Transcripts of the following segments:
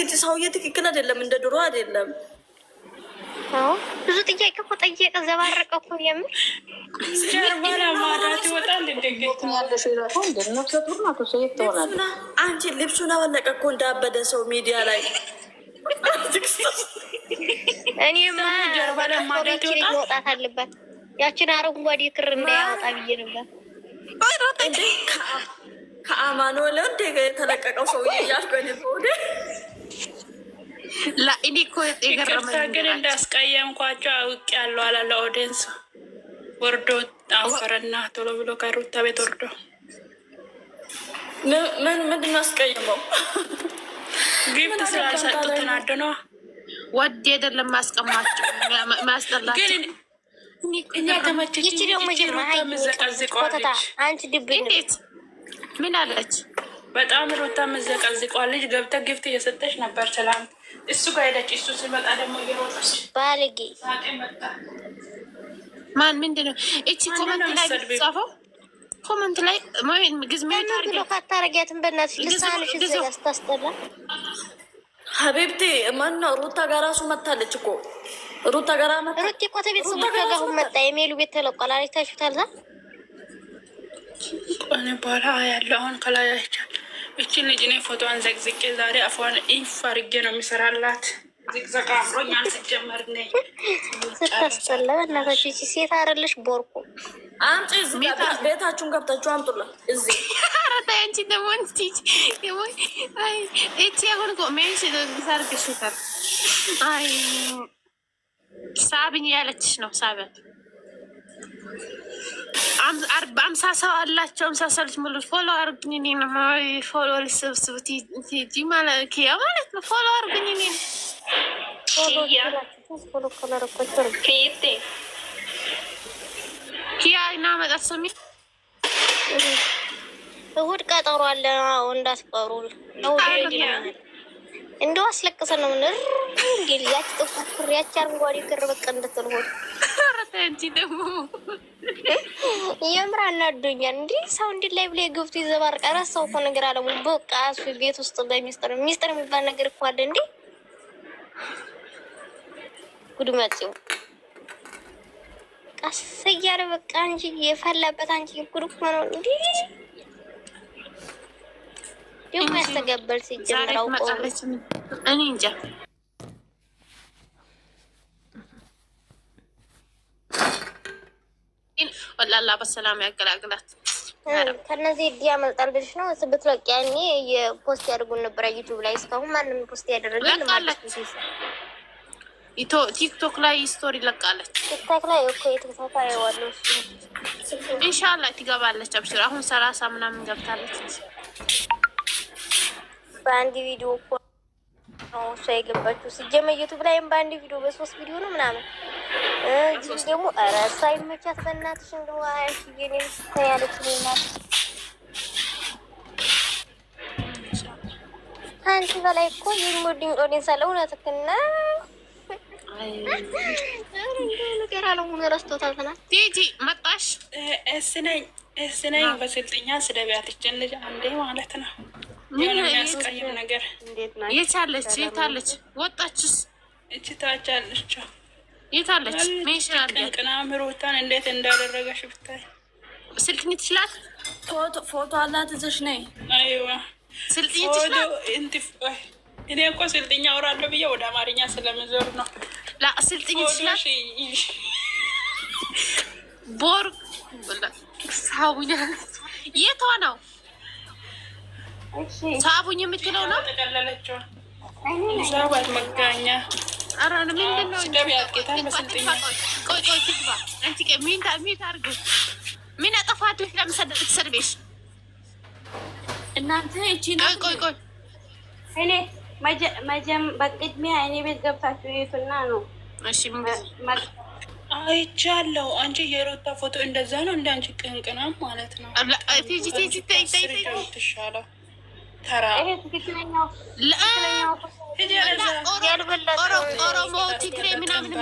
ትክክል ሰውዬ ትክክል አይደለም፣ እንደ ድሮ አይደለም። ብዙ ጥያቄ እኮ ጠየቀ፣ ዘባረቀ እኮ የምር አንቺ ልብሱን አወለቀ እኮ እንዳበደ ሰው ሚዲያ ላይ እኔማ መውጣት አለባት። ያችን አረንጓዴ ክር እንዳያወጣ ብዬ ነበር። ከአማኖ ለእንደ ተለቀቀው ሰውዬ እያልኩ ይቅርታ ግን እንዳስቀየምኳቸው አውቄያለሁ አላለ ኦዴንስ ወርዶ አፈረና ቶሎ ብሎ ከሩታ ቤት ወርዶ ምን ምንድን ነው ግብት ወድ አይደለም ማስቀማቸው ማስጠላቸው። ምን አለች? በጣም ሩታ ምዘቀዝቋለች። ገብተ ግብት እየሰጠች ነበር ትላንት እሱ ጋር ሄደች። እሱ ሲመጣ ደግሞ እየሮጠች ማን ምንድን ነው እቺ ኮመንት ላይ ጻፈው ኮመንት ላይ ሩታ ጋር እራሱ መታለች እኮ ሩታ ጋር ሩቲ እኮ ተቤተሰቦቿ ጋር መጣ። የሜሉ ቤት ተለቋል። አሪታችሁታል ዛ ባላ ያለው አሁን ከላይ አይቻል እችን ልጅ እኔ ፎቶዋን ዘግዝቄ ዛሬ አፏን ኢፍ አድርጌ ነው የሚሰራላት። ዝቅዘቃ አምሮኝ አልተጀመር ስታስጠላ እናቶች ቺ ሴት አረለሽ ቦርቁ አምጪ ቤታችሁን ገብታችሁ እዚ እቺ አሁን አይ ሳብኝ ያለችሽ ነው ሳቢያት አምሳ ሰው አላቸው። አምሳ ሰው ልጅ ሙሉ ፎሎ አርግኝ እኔን ፎሎ ልሰብስብ ቲጂ ኪያ ማለት ነው። ፎሎ አርግኝ እኔን ኪያ እና መጣት ሰሚ እሑድ ቀጠሮ አለ። እንዳትቀሩ እንደው አስለቅሰን ነው ምንር ምን ያች ጥቁር ያች አረንጓዴ ክር በቃ እንድትልሆን አንቺ ደግሞ የምር አናዶኛል። እንዲህ ሰው እንዲ ላይ ብሎ የገብቱ ይዘባርቃ ራስ ሰው እኮ ነገር አለሙ በቃ እሱ ቤት ውስጥ በሚስጥር ሚስጥር የሚባል ነገር እኮ አለ እንዴ! ጉድ መጪው ቀስ እያለ በቃ እንጂ የፈላበት አንቺ ጉድ እኮ ነው እንዴ! ደግሞ ያስተገበል ሲጀምር አውቀው እኔ እንጃ ወላላ በሰላም ያገላግላት። ከነዚህ ዲ ያመልጣል ብልሽ ነው ስብትለቅ ያኔ የፖስት ያደርጉን ነበረ ዩቱብ ላይ እስካሁን ማንም ፖስት ያደረገ ቲክቶክ ላይ ስቶሪ ለቃለች። ቲክቶክ ላይ እኮ የተከታታይ ዋለ ኢንሻላ ትገባለች። አብሽር አሁን ሰላሳ ምናምን ገብታለች በአንድ ቪዲዮ እኮ ነው እሷ የገባችው። ሲጀመር ዩቱብ ላይም በአንድ ቪዲዮ በሶስት ቪዲዮ ነው ምናምን እዚህ ውስጥ ደግሞ ኧረ እሷ ይመቻት በእናትሽ እንደው ሀያ ሺህ ያለች ናት። አንቺ በላይ እኮ የሚወዱኝ ኦዲንስ አለ። እውነትህን ነው። ቲጂ መጣሽ። እስነኝ እስነኝ በስልጥኛ ስደቢያት ልጅ አንዴ ማለት ነው። ምን ያስቀይም ነገር የቻለች የታለች ወጣችስ? እች ታቻለች የታለች ቅናምሮታን እንዴት እንዳደረገሽ ብታይ። ስልጥኝ ትችላት ፎቶ አላት እዚሽ ነይ። አይዋ ስልጥኝ ትችላት። እኔ እኮ ስልጥኛ አወራለሁ ብዬ ወደ አማርኛ ስለምዞር ነው። ስልጥኝ ትችላት። ቦር ሳቡኝ የቷ ነው ሳቡኝ የምትለው ነው። ሳባት መጋኛ ምን አጠፋትሽ? ለምትሰርቤሽ እናንተ እቺ ቆይ ቆይ ቆይ እኔ መጀም በቅድሚያ እኔ ቤት ገብታችሁ የቱና ነው። እሺ አይቻለሁ። አንቺ የሮታ ፎቶ እንደዛ ነው። እንደ አንቺ ቅንቅናም ማለት ነው። ቲጂ ቲጂ ተይ ተይ ተይ ተራ ኦሮሞ፣ ትግሬ ምናምን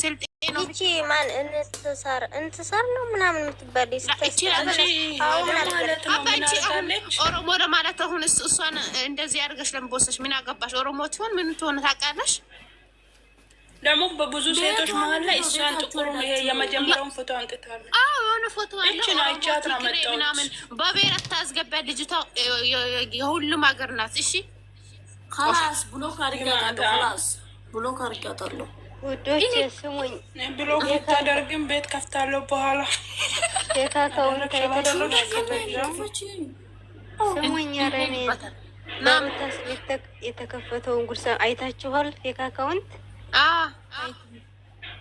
ስልጤ ነው እቺ ማን እንትሳር እንትሳር ነው ምናምን የምትባል ኦሮሞ ለማለት አሁን እሷን እንደዚህ አድርገሽ ለምቦሰች ምን አገባሽ? ኦሮሞ ትሆን ምን ትሆን ታውቃለሽ? ደግሞ በብዙ ሴቶች መሀል ላይ እሷን ጥቁር የመጀመሪያውን ፎቶ አንጥታለች። የሆነ ፎቶ ምናምን በብሔር አታስገባ ልጅቷ የሁሉም ሀገር ናት። እሺ ከላስ ብሎክ አድርጊያታለሁ። ከላስ ብሎክ አድርጊያታለሁ። ውዶች ስሙኝ፣ ብሎክ ብታደርግም ቤት ከፍታለሁ በኋላ የካካውን ስሙኝ፣ የተከፈተውን አይታችኋል?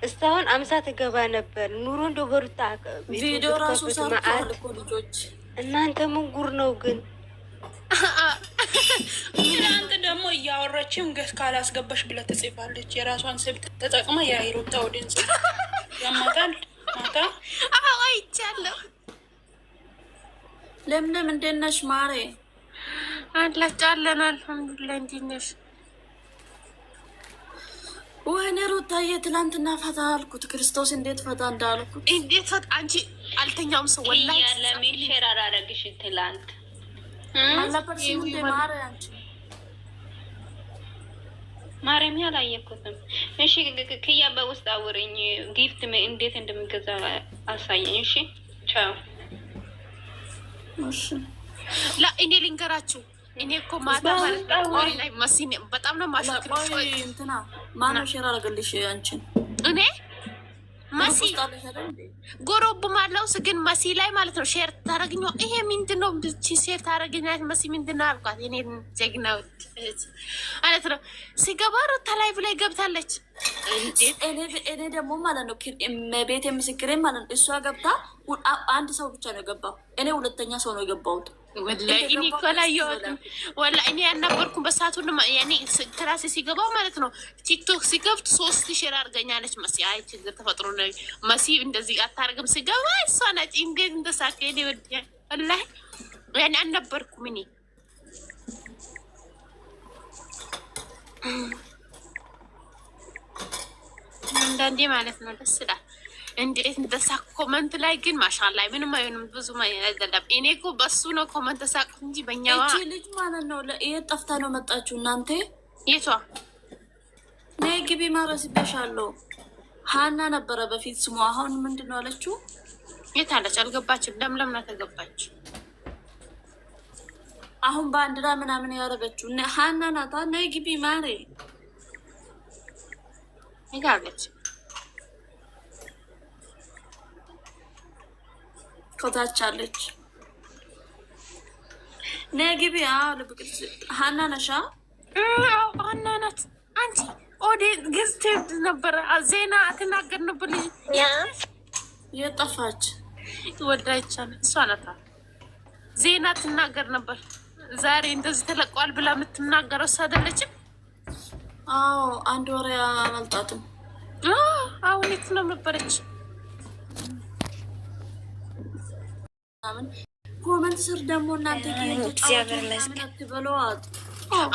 እስካሁን አምሳ ትገባ ነበር። ኑሮ እንደ በሩታ ቪዲዮ ራሱ ሰርቷል እኮ ልጆች። እናንተ ምን ጉር ነው ግን ትናንት ደግሞ እያወራችም ገስ ካላስገባሽ ብለ ትጽፋለች። የራሷን ስብት ተጠቅማ የአይሮታ ወደንጽ ያማታል ማታ አይቻለሁ። ለምለም እንደት ነሽ ማሬ? አላች አለን አልሐምዱሊላህ። እንደት ነሽ? ወይኔ ሩታዬ ትላንትና ፈታ አልኩት። ክርስቶስ እንዴት ፈታ እንዳልኩት እንዴት ፈታ አንቺ አልተኛውም ሰው ወላሂ ለሚል ሼር አላረግሽ ትላንት ማርያም አላየኩትም። እሺ ክያ በውስጥ አውርኝ፣ ጊፍት እንዴት እንደምገዛ አሳየኝ። እሺ ቻው። ላ እኔ ልንገራችሁ። እኔ እኮ ማታ በጣም ነው ማሽራ እንትና ማነው ሼር አደረገልሽ አንቺን እኔ መሲ ጎሮብም አለው ግን መሲ ላይ ማለት ነው ሼር ታደረግኛ። ይሄ ምንድን ነው ሼር ታደረግኛት መሲ ምንድን ነው አልኳት። እኔ ጀግና ማለት ነው ሲገባ ሩታ ላይ ብላ ገብታለች። እኔ ደግሞ ማለት ነው ቤት ምስክሬ ማለት ነው እሷ ገብታ አንድ ሰው ብቻ ነው የገባው። እኔ ሁለተኛ ሰው ነው የገባሁት። ወላሂ ወላሂ እኔ ያልነበርኩም በሰዓት ሁሉም ያኔ ክላሴ ሲገባ ማለት ነው። ቲክቶክ ሲገብት ሶስት ሼር አድርገኛለች መሲ። አይ ችግር ተፈጥሮ ነው መሲ እንደዚህ አታርግም። ሲገባ እሷ ናት እንዴት እንደሳከ ኔ ወላሂ ያኔ አልነበርኩም እኔ አንዳንዴ ማለት ነው ደስ ይላል። እንዴት እንደሳ ኮመንት ላይ ግን ማሻላ ምንም አይሆንም። ብዙ አይዘለም። እኔ እኮ በሱ ነው ኮመንት ተሳቅፍ እንጂ በእኛዋ ልጅ ማለት ነው። የት ጠፍታ ነው መጣችሁ እናንተ? የቷ ናይ ግቢ ማረስ ማረስቤሻለሁ። ሀና ነበረ በፊት ስሙ። አሁን ምንድን ነው አለችው? የት አለች? አልገባችም። ለምለም ናት ተገባች። አሁን ባንዲራ ምናምን ያደረገችው ሀና ናታ። ነይ ግቢ ማሬ ይጋለች ከታች አለች። ነይ ግቢ። አዎ ልብ ቅርጽ ሀና ነሻ? አዎ ሀና ናት። አንቺ ኦዴ ገዝተሽ ነበረ ዜና ትናገርንብን የጠፋች ወዳ እሷ ናት ዜና ትናገር ነበር። ዛሬ እንደዚህ ተለቀዋል ብላ የምትናገረው እሷ አይደለችም? አዎ አንድ ወር አመልጣትም። አሁን የት ነው ነበረች? ምናምን ኮመንት ስር ደግሞ እናንተ ትበለ አሉ።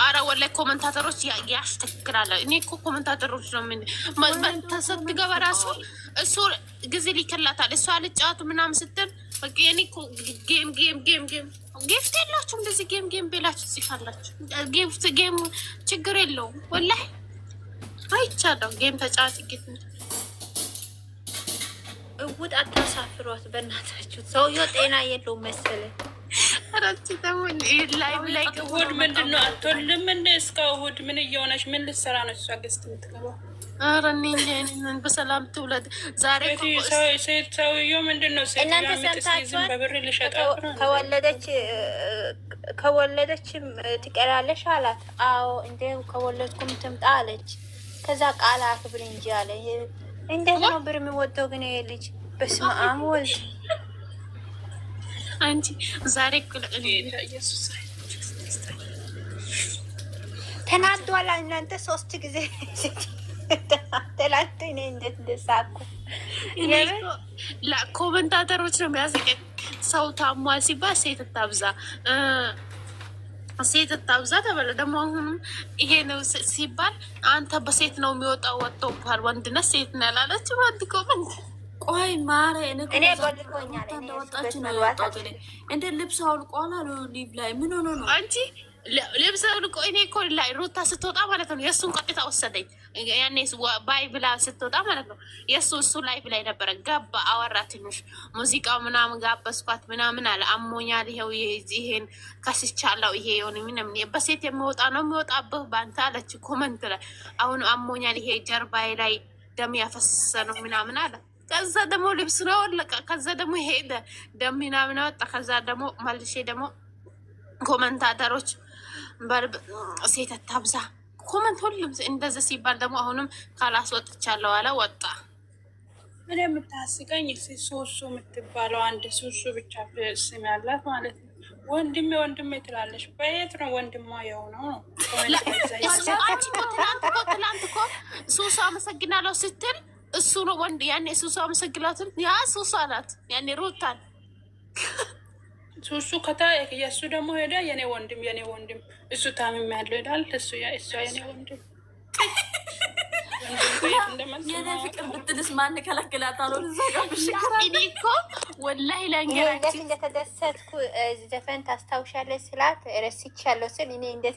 አረ ወላይ ኮመንታተሮች ያስተክላል። እኔ እኮ ኮመንታተሮች ነው ምን ስትገባ ራሱ እሱ ጊዜ ሊከላታል። እሷ ልጫወቱ ምናምን ስትል በቃ የኔ ጌም ጌም ጌም ጌም ጌፍት የላችሁ እንደዚህ ጌም ጌም ቤላችሁ ሲካላችሁ ጌም ችግር የለውም ወላይ አይቻለሁ ጌም ተጫዋች ጌት ሽጉጥ አታሳፍሯት በእናታችሁ። ሰውዬው ጤና የለውም መሰለኝ። እሑድ ምንድን ነው አትወልም? ምን እስከ እሑድ ምን እየሆነች ምን ልትሰራ ነው? እሷ ገዝት የምትገባው ኧረ እኔ በሰላም ትውለድ። ዛሬ ሰውዬው ምንድን ነው እናንተ ሰምታችኋል? ከወለደች ከወለደችም ትቀራለሽ አላት። አዎ እንደ ከወለድኩም ትምጣ አለች። ከዛ ቃል አክብር እንጂ አለ። እንዴት ነው ብር የሚወደው ግን ይሄ ልጅ በስመ አብ ወልድ አንቺ ዛሬ ተናዷል። እናንተ ሶስት ጊዜ ትላንት እኔ እንዴት እንደሳኩ ኮመንታተሮች ነው የሚያስቀኝ። ሰው ታሟል ሲባል ሴት ታብዛ ሴት ታብዛ ተበለ። ደግሞ አሁንም ይሄ ነው ሲባል አንተ በሴት ነው የሚወጣው ወጥቶብሃል። ወንድነት ሴት ነው ያላለች ወንድ ኮመንት ቆይ ማረ እኔ ጎልቶኛል። እንደወጣች ነው የወጣሁት። እንደ ልብስ አውልቋል አሉ ሊብ ላይ ምን ሆኖ ነው አንቺ ልብስ አውልቆ እኔ እኮ ላይ ሩታ ስትወጣ ማለት ነው የእሱን ቀጥታ ወሰደኝ። ያኔ ባይ ብላ ስትወጣ ማለት ነው የእሱ እሱ ላይ ብላይ ነበረ። ገባ አወራ፣ ትንሽ ሙዚቃው ምናምን ጋበዝኳት ምናምን አለ። አሞኛል፣ ይሄው ይሄን ከስቻለው፣ ይሄ የሆነ ምንም በሴት የሚወጣ ነው የሚወጣብህ በአንተ አለች ኮመንት ላይ። አሁን አሞኛል፣ ይሄ ጀርባዬ ላይ ደም ያፈሰሰ ነው ምናምን አለ ከዛ ደግሞ ልብስ ነው ወለቀ። ከዛ ደግሞ ሄደ ደም ምናምን ወጣ። ከዛ ደግሞ መልሼ ደግሞ ኮመንታተሮች ሴት አታብዛ ኮመንት፣ ሁሉም እንደዚህ ሲባል ደግሞ አሁንም ካላስ ወጥቻለሁ አለ ወጣ። ምን የምታስቀኝ ሶሱ የምትባለው አንድ ሶሱ ብቻ ስም ያላት ማለት ነው። ወንድሜ ወንድሜ ትላለች። በየት ነው ወንድማ የሆነው ነው? ትላንት እኮ ትላንት ሶሱ አመሰግናለሁ ስትል እሱ ነው ወንድ። ያኔ ሱሱ አመሰግላትም ያ ሱሱ አላት። ያኔ ሩታን ሱሱ ከታ የእሱ ደግሞ ሄደ። የኔ ወንድም የኔ ወንድም እሱ ታምም ያለው ሄዳል። እሱ እሱ የኔ ወንድም የኔ ፍቅር ብትልስ ማን ከለክላት? አልሆን እኔ እኮ ወላሂ ለእንገራችን እንደተደሰትኩ ዘፈን ታስታውሻለች ስላት ረስቻለሁ ስል እኔ እንደት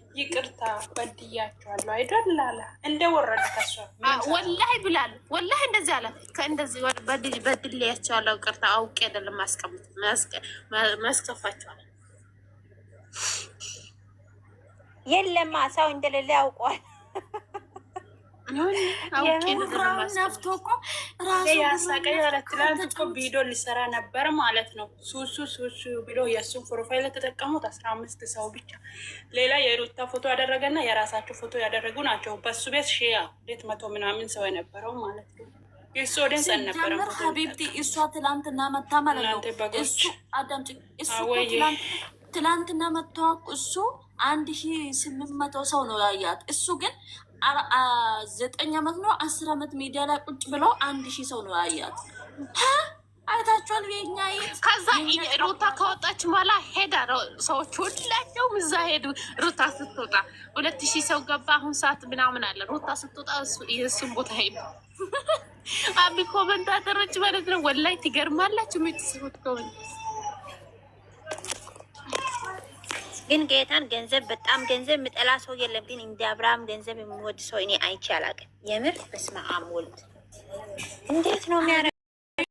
ይቅርታ በድያቸዋለሁ አይደል አለ። እንደ ወረድ ከሷ ወላሂ ብላል። ወላሂ እንደዚህ አለ። ከእንደዚህ በድልያቸዋለሁ ቅርታ አውቄ አይደለም ማስቀምጥ ማስከፋቸዋል። የለማ ሰው እንደሌለ ያውቋል። ነፍቶ እኮ ራሱ ያሳቀኝ ማለት ትናንት እኮ ቪዲዮ ሊሰራ ነበር ማለት ነው። ሱሱ ሱሱ ብሎ የእሱን ፕሮፋይል ተጠቀሙት አስራ አምስት ሰው ብቻ። ሌላ የሩታ ፎቶ ያደረገና የራሳቸው ፎቶ ያደረጉ ናቸው። በሱ ቤት ሺያ ቤት መቶ ምናምን ሰው የነበረው ማለት ነው። የእሱ ሀቢብቲ እሷ ትላንትና መታ ማለት ነው። ትላንትና መታወቅ እሱ አንድ ሺህ ስምንት መቶ ሰው ነው ያያት እሱ ግን ዘጠኝ ዓመት ነው አስር ዓመት ሜዲያ ላይ ቁጭ ብለው አንድ ሺህ ሰው ነው ያያት። አይታችኋል? የኛ ከዛ ሩታ ከወጣች በኋላ ሄዳ ነው ሰዎች ሁላቸውም እዛ ሄዱ። ሩታ ስትወጣ ሁለት ሺህ ሰው ገባ። አሁን ሰዓት ምናምን አለ። ሩታ ስትወጣ የእሱን ቦታ ሄዱ። አቢ ኮመንት አደረች ማለት ነው። ወላይ ትገርማላችሁ። ምትስት ኮመንት ግን ጌታን ገንዘብ በጣም ገንዘብ የምጠላ ሰው የለም። ግን እንደ አብርሃም ገንዘብ የሚወድ ሰው እኔ አይቼ አላውቅም። የምር በስመ አብ ወልድ እንዴት ነው የሚያረ